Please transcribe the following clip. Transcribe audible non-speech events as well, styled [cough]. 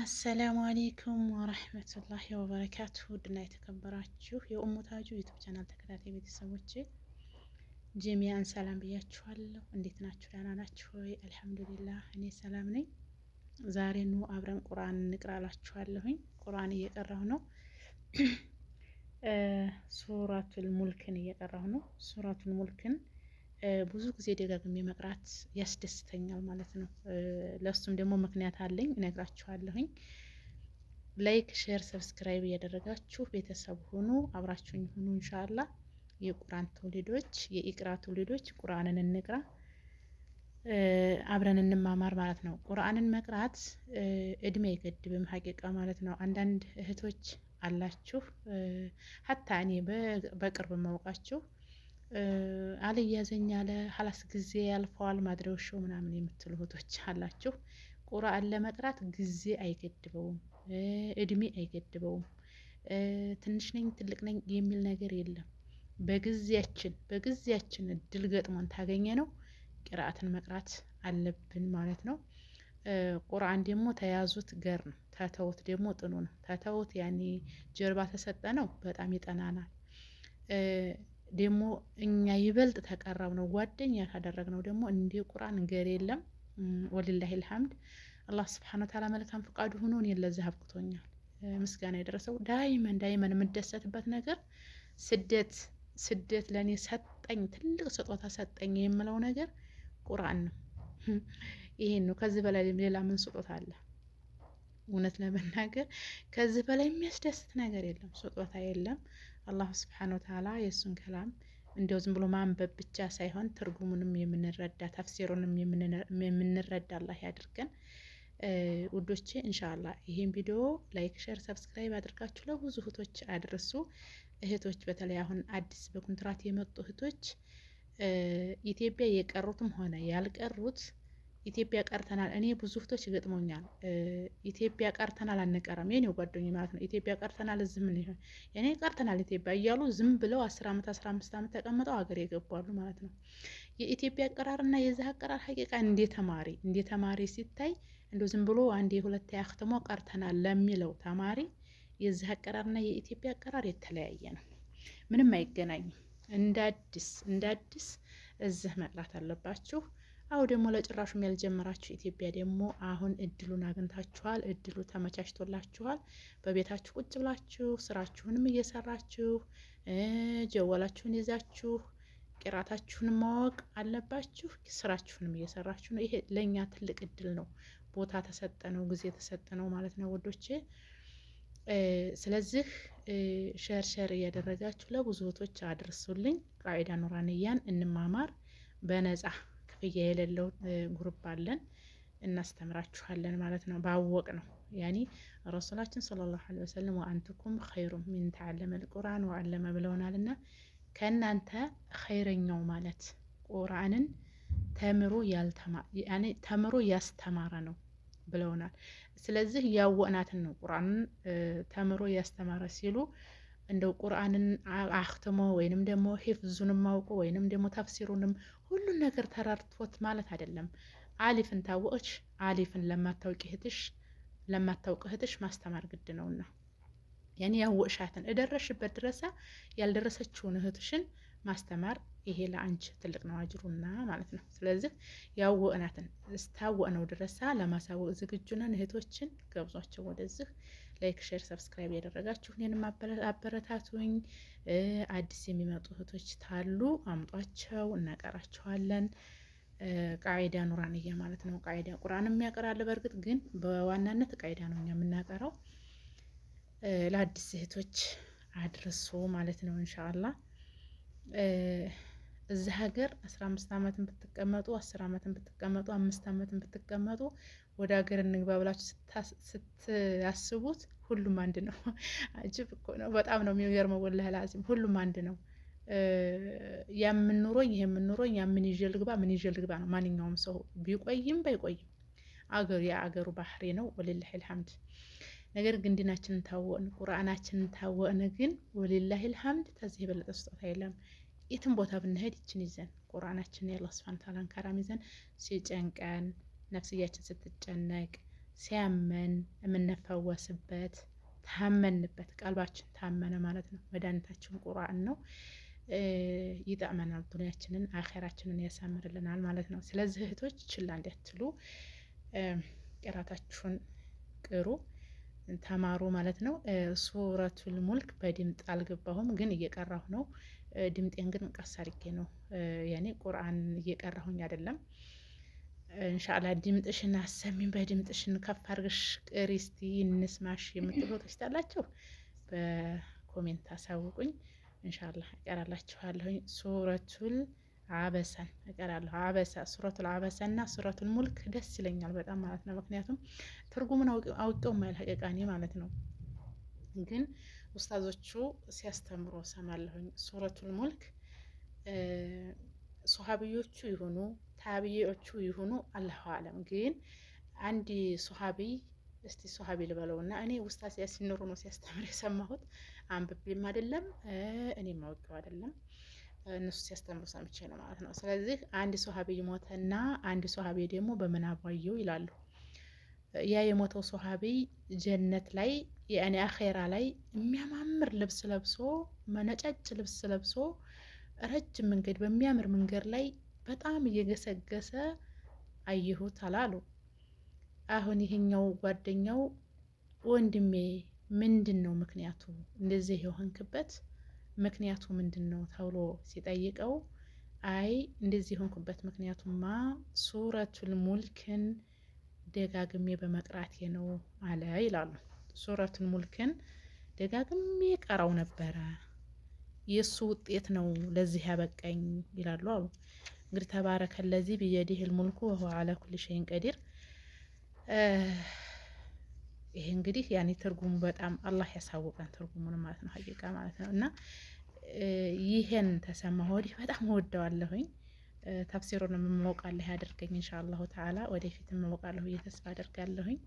አሰላሙ አሌይኩም ወረህመቱላሂ ወበረካቱ ውድና የተከበራችሁ የኡሙታጁ ዩቱብ ቻናል ተከታታይ ቤተሰቦች ጀሚያን ሰላም ብያችኋለሁ። እንዴት ናችሁ? ደህና ናችሁ ወይ? አልሐምዱሊላህ እኔ ሰላም ነኝ። ዛሬ ኑ አብረን ቁርአን እንቅራ ላችኋለሁኝ። ቁርአን እየቀራሁ ነው። [clears throat] ሱራቱል ሙልክን እየቀራሁ ነው። ሱራቱል ሙልክን ብዙ ጊዜ ደጋግሜ መቅራት ያስደስተኛል ማለት ነው። ለሱም ደግሞ ምክንያት አለኝ እነግራችኋለሁኝ። ላይክ፣ ሼር፣ ሰብስክራይብ እያደረጋችሁ ቤተሰብ ሆኑ፣ አብራችሁኝ ሆኑ። እንሻላ የቁራን ትውልዶች የኢቅራ ትውልዶች ቁርአንን እንቅራ፣ አብረን እንማማር ማለት ነው። ቁርአንን መቅራት እድሜ አይገድብም ሀቂቃ ማለት ነው። አንዳንድ እህቶች አላችሁ ሀታ እኔ በቅርብ ማውቃችሁ እያዘኝ አለ ሀላስ ጊዜ ያልፈዋል ማድረሾ ምናምን የምትሉ እህቶች አላችሁ። ቁርአን ለመቅራት ጊዜ አይገድበውም፣ እድሜ አይገድበውም። ትንሽ ነኝ ትልቅ ነኝ የሚል ነገር የለም። በጊዜያችን በጊዜያችን እድል ገጥሞን ታገኘ ነው ቅርአትን መቅራት አለብን ማለት ነው። ቁርአን ደግሞ ተያዙት ገር ነው፣ ተተውት ደግሞ ጥኑ ነው። ተተውት ያኔ ጀርባ ተሰጠ ነው፣ በጣም ይጠናናል። ደግሞ እኛ ይበልጥ ተቀረብ ነው ጓደኛ ካደረግ ነው ደግሞ እንደ ቁርአን ገር የለም። ወልላህ ልሐምድ አላህ ስብሓን ታላ መልካም ፍቃዱ ሆኖ እኔን ለዚህ አብቅቶኛል። ምስጋና የደረሰው ዳይመን ዳይመን የምደሰትበት ነገር ስደት ስደት ለእኔ ሰጠኝ፣ ትልቅ ስጦታ ሰጠኝ የምለው ነገር ቁርአን ነው። ይሄን ነው። ከዚህ በላይ ሌላ ምን ስጦታ አለ? እውነት ለመናገር ከዚህ በላይ የሚያስደስት ነገር የለም፣ ስጦታ የለም። አላሁ ስብሓን ወተዓላ የእሱን ከላም እንዲያው ዝም ብሎ ማንበብ ብቻ ሳይሆን ትርጉሙንም የምንረዳ ተፍሲሩንም የምንረዳ አላህ ያድርገን። ውዶቼ እንሻላ ይህን ቪዲዮ ላይክ፣ ሸር፣ ሰብስክራይብ አድርጋችሁ ለብዙ እህቶች አድርሱ። እህቶች በተለይ አሁን አዲስ በኮንትራት የመጡ እህቶች ኢትዮጵያ የቀሩትም ሆነ ያልቀሩት ኢትዮጵያ ቀርተናል። እኔ ብዙ ፍቶች ይገጥሞኛል። ኢትዮጵያ ቀርተናል አንቀረም፣ የኔ ጓደኞች ማለት ነው። ኢትዮጵያ ቀርተናል ዝም ምን ይሆን እኔ ቀርተናል ኢትዮጵያ እያሉ ዝም ብለው አስር ዓመት አስራ አምስት ዓመት ተቀምጠው ሀገር የገባሉ ማለት ነው። የኢትዮጵያ አቀራርና የዚህ አቀራር ሀቂቃ እንዴ ተማሪ እንዴ ተማሪ ሲታይ እንደ ዝም ብሎ አንድ የሁለት ያክትሞ ቀርተናል ለሚለው ተማሪ የዚህ አቀራርና የኢትዮጵያ አቀራር የተለያየ ነው። ምንም አይገናኝም። እንደ አዲስ እንደ አዲስ እዚህ መቅራት አለባችሁ። አሁ ደግሞ ለጭራሹም ያልጀመራችሁ ኢትዮጵያ ደግሞ አሁን እድሉን አግኝታችኋል። እድሉ ተመቻችቶላችኋል። በቤታችሁ ቁጭ ብላችሁ ስራችሁንም እየሰራችሁ ጀወላችሁን ይዛችሁ ቅራታችሁን ማወቅ አለባችሁ። ስራችሁንም እየሰራችሁ ነው። ይሄ ለእኛ ትልቅ እድል ነው። ቦታ ተሰጠነው፣ ጊዜ ነው ማለት ነው ወዶቼ። ስለዚህ ሸር ሸር እያደረጋችሁ ለብዙ አድርሱልኝ። ቃዒዳ ኑራንያን እንማማር በነጻ ክፍያ የሌለው ጉሩፕ አለን እናስተምራችኋለን ማለት ነው። ባወቅ ነው ያኒ ረሱላችን ሰለላሁ ዐለይሂ ወሰለም ወአንትኩም ኸይሩ ሚን ተዓለመል ቁርአን ወአለመ ብለውናል እና ከእናንተ ኸይረኛው ማለት ቁርአንን ተምሮ ተምሮ ያስተማረ ነው ብለውናል። ስለዚህ ያወቅናትን ነው ቁርአንን ተምሮ ያስተማረ ሲሉ እንደው ቁርአንን አክትሞ ወይንም ደግሞ ሂፍዙንም አውቆ ወይንም ደግሞ ተፍሲሩንም ሁሉን ነገር ተራርቶት ማለት አይደለም። አሊፍን ታወቅች አሊፍን ለማታውቂ እህትሽ ለማታውቅ እህትሽ ማስተማር ግድ ነውና ያኔ ያወቅሻትን እደረሽበት ድረሳ ያልደረሰችውን እህትሽን ማስተማር ይሄ ለአንቺ ትልቅ ነው አጅሩና ማለት ነው። ስለዚህ ያወቅናትን እስታወቅ ድረሳ ለማሳወቅ ዝግጁ ነን። እህቶችን ገብዟቸው ወደዚህ ላይክ፣ ሼር፣ ሰብስክራይብ ያደረጋችሁ እኔንም አበረታቱኝ። አዲስ የሚመጡ እህቶች ታሉ አምጧቸው፣ እናቀራቸዋለን። ቃይዳ ኑራንያ ማለት ነው። ቃይዳ ቁርአንም ያቀራል። በእርግጥ ግን በዋናነት ቃይዳ ነው እኛ የምናቀራው። ለአዲስ እህቶች አድርሶ ማለት ነው። እንሻላ እዚህ ሀገር አስራ አምስት ዓመትን ብትቀመጡ አስር ዓመትን ብትቀመጡ አምስት ዓመትን ብትቀመጡ ወደ ሀገር እንግባ ብላችሁ ስታስቡት ሁሉም አንድ ነው። [laughs] አጅብ እኮ ነው። በጣም ነው የሚገርመው። ወላሂ ላዚም ሁሉም አንድ ነው። ያምንኖረኝ ይሄ የምንኖረኝ ያምን ይዤ ልግባ ምን ይዤ ልግባ ነው። ማንኛውም ሰው ቢቆይም ባይቆይም አገሩ የአገሩ ባህሪ ነው። ወልላህ ልሐምድ ነገር ግን ዲናችንን ታወቅን ቁርአናችንን ታወቅን ግን ወልላህ ልሐምድ ተዚህ የበለጠ ስጦታ የለም። የትም ቦታ ብንሄድ ይችን ይዘን ቁርአናችንን የአላህ ስብሃነ ተዓላን ከራም ይዘን ሲጨንቀን ነፍስያችን ስትጨነቅ ሲያመን የምንፈወስበት ታመንበት ቀልባችን ታመነ ማለት ነው። መድኃኒታችን ቁርአን ነው። ይጠቅመናል፣ ዱንያችንን አኼራችንን ያሳምርልናል ማለት ነው። ስለዚህ እህቶች ችላ እንዲያትሉ ቅራታችሁን ቅሩ ተማሩ ማለት ነው። ሱረቱል ሙልክ በድምጥ አልገባሁም፣ ግን እየቀራሁ ነው። ድምጤን ግን ቀስ ነው ያኔ ቁርአን እየቀራሁኝ አይደለም። እንሻላ ድምጥሽን አሰሚን በድምጥሽን ከፍ አርግሽ ቅሪስቲ እንስማሽ የምትሉ [clears throat] ተሽታላችሁ በኮሜንት አሳውቁኝ። እንሻላ እቀራላችኋለሁኝ። ሱረቱል አበሰን እቀራለሁ። አበሰ ሱረቱል እና ሱረቱል ሙልክ ደስ ይለኛል በጣም ማለት ነው። ምክንያቱም ትርጉሙን አውቄው ማልሀቀቃኔ ማለት ነው። ግን ኡስታዞቹ ሲያስተምሩ ሰማለሁኝ። ሱረቱል ሙልክ ሶሀብዮቹ የሆኑ ታብዬዎቹ ይሁኑ አላሁ አለም። ግን አንድ ሶሀቢ እስቲ ሶሀቢ እና እኔ ውስጣት ሲኖሩ ነው ሲያስተምር የሰማሁት አንብቤም አይደለም እኔ ማወቀው አይደለም እነሱ ሲያስተምሩ ሰምቼ ነው ማለት ነው። ስለዚህ አንድ ሶሀቢ ሞተና አንድ ሶሀቢ ደግሞ በምናባየው ይላሉ። ያ የሞተው ሶሀቢ ጀነት ላይ የእኔ አኼራ ላይ የሚያማምር ልብስ ለብሶ መነጫጭ ልብስ ለብሶ ረጅም መንገድ በሚያምር መንገድ ላይ በጣም እየገሰገሰ አየሁት አላሉ። አሁን ይሄኛው ጓደኛው ወንድሜ ምንድን ነው ምክንያቱ እንደዚህ የሆንክበት ምክንያቱ ምንድን ነው ተብሎ ሲጠይቀው አይ እንደዚህ የሆንኩበት ምክንያቱማ ሱረቱል ሙልክን ደጋግሜ በመቅራቴ ነው አለ ይላሉ። ሱረቱል ሙልክን ደጋግሜ ቀራው ነበረ የእሱ ውጤት ነው ለዚህ ያበቃኝ ይላሉ አሉ። እንግዲህ ተባረከ ለዚ ብየዲህ ልሙልኩ ወሁ አላ ኩል ሸይን ቀዲር። ይሄ እንግዲህ ያኔ ትርጉሙ በጣም አላህ ያሳውቀን ትርጉሙን ማለት ነው ሀቂቃ ማለት ነው። እና ይሄን ተሰማሁ ወዲህ በጣም ወደዋለሁኝ ተፍሲሩን የምሞቃለሁ ያደርገኝ ኢንሻ አላሁ ተዓላ ወደፊት እሞቃለሁ እየተስፋ አደርጋለሁኝ።